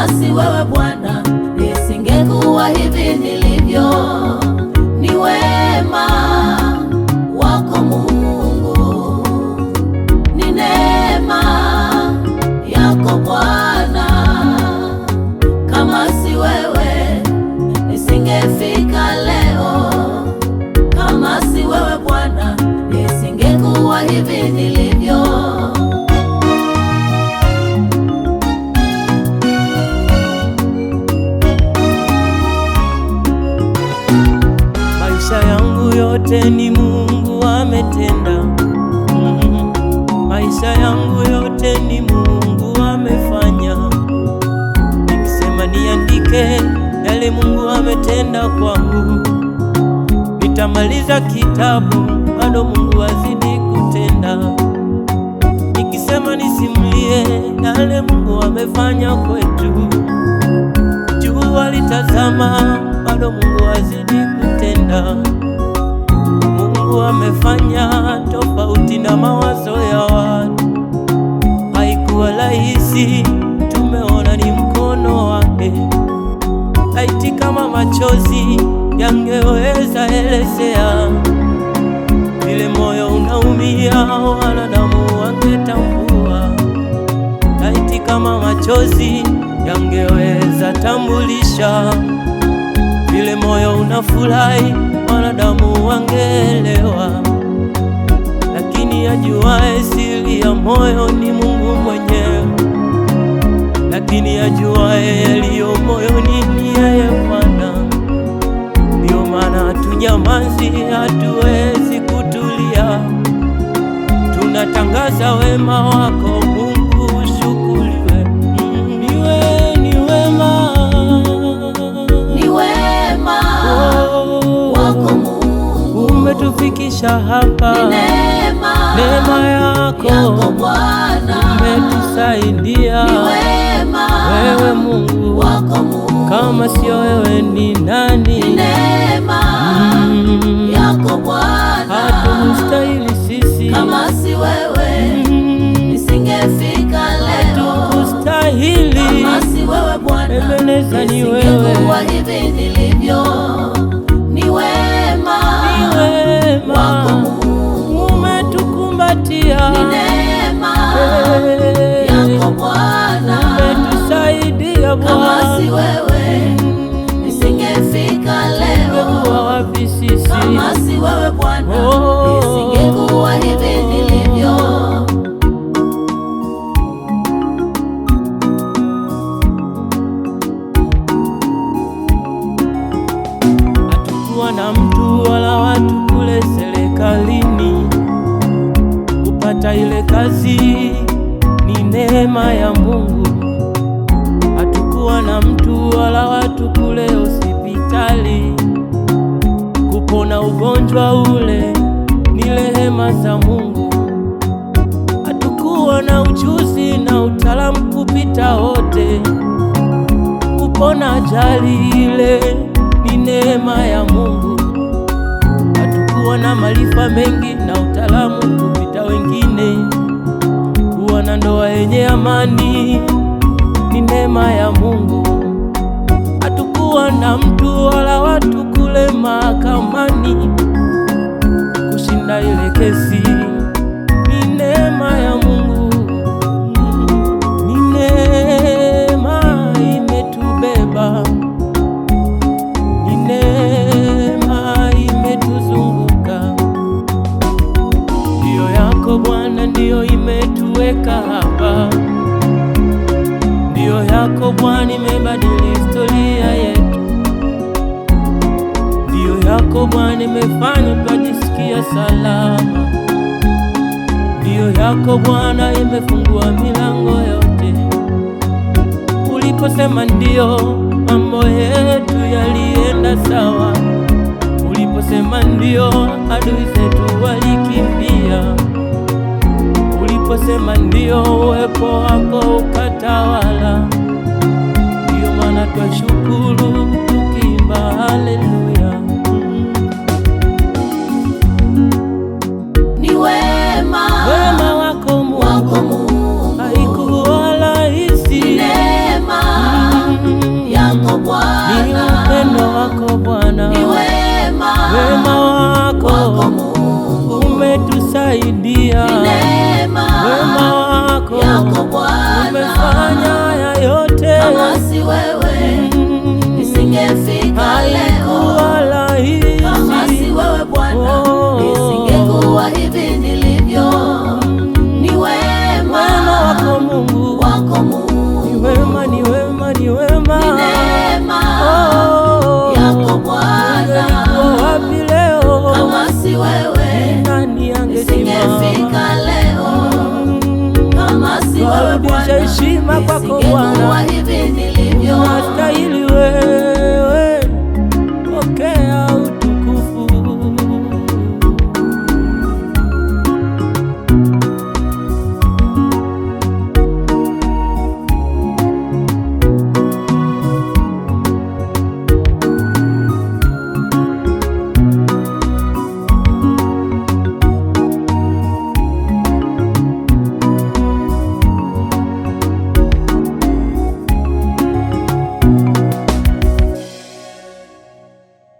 nasi wewe Bwana umetenda kwangu, nitamaliza kitabu, bado Mungu azidi kutenda. Nikisema nisimulie yale Mungu amefanya kwetu, jua litazama, bado Mungu azidi kutenda. Mungu amefanya tofauti na mawazo ya watu, haikuwa rahisi kama machozi yangeweza elezea vile moyo unaumia, wanadamu wangetambua. Laiti kama machozi yangeweza tambulisha vile moyo unafurahi, wanadamu wangeelewa. Lakini ajuaye siri ya moyo ni Mungu mwenyewe lakini ajuaye yaliyo moyoni ni yeye Bwana. ndio maana tunyamazi hatuwezi kutulia, tunatangaza wema wako Mungu, ushukuriwe. Mm, ni wema, ni wema oh, wako Mungu umetufikisha hapa, neema yako, yako Bwana umetusaidia Mungu kama sio wewe ni nani? Neema mm, yako Bwana, hatumstahili sisi kama si wewe mm, nisingefika leo, hatumstahili kama si wewe Bwana, Ebeneza ni wewe, kwa hivi nilivyo ni wema, ni wema wako. sisi. Kama si wewe Bwana, nisingekuwa hivi nilivyo. Hatukuwa na mtu wala watu kule serikalini, kupata ile kazi ni neema ya Mungu. Hatukuwa na mtu wala ugonjwa ule ni rehema za Mungu. Hatukuwa na ujuzi na utaalamu kupita wote, kupona ajali ile ni neema ya Mungu. Hatukuwa na maarifa mengi na utaalamu kupita wengine, kuwa na ndoa yenye amani ni neema ya Mungu. Hatukuwa na mtu wala watu kule mahakamani kushinda ile kesi. Ni neema ya Mungu, ni neema imetubeba, ni neema imetuzunguka. Ndiyo yako Bwana, ndiyo imetuweka hapa. Ndiyo yako Bwana imebadili historia yetu. Ndiyo yako Bwana imefanya salama. Ndiyo yako Bwana imefungua milango yote. Uliposema ndiyo, mambo yetu yalienda sawa. Uliposema ndiyo, adui zetu walikimbia. Uliposema ndiyo, uwepo wako ukatawala. Ndiyo maana twashukuru tukiimba haleluya. wako Bwana, ni upendo wako Bwana, ni wema, wema wako, Mungu umetusaidia, ni neema wema wako, yako Bwana umefanya heshima kwako